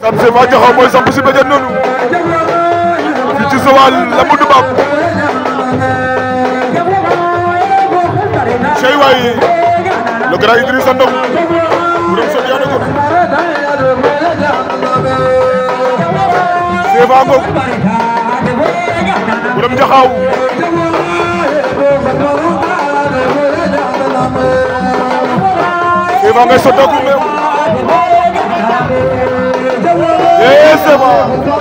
Sam Seif a Jaxaw mooy samp si bëjën noonu fii ci Joal la mu dubaab cey waay le grand Idrissa Ndong borom sot yaa na ko Seif a ngoog borom Jaxaw Seif a ngay sottooku meew Et c'est bon.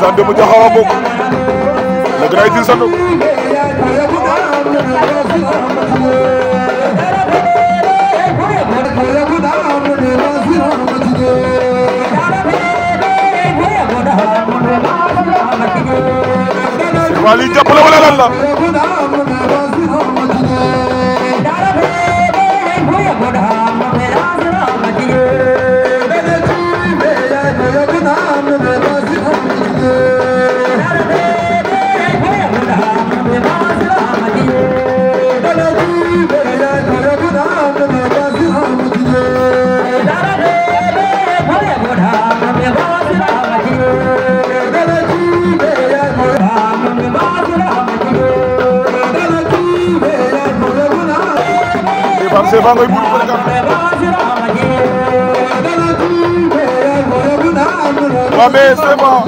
Sande mu joxawa bokk la gën a itil sandu Aliou jàpp la wala lan la Pape Cheikh ba ngay bulu ko nekk waaw mais c'est bon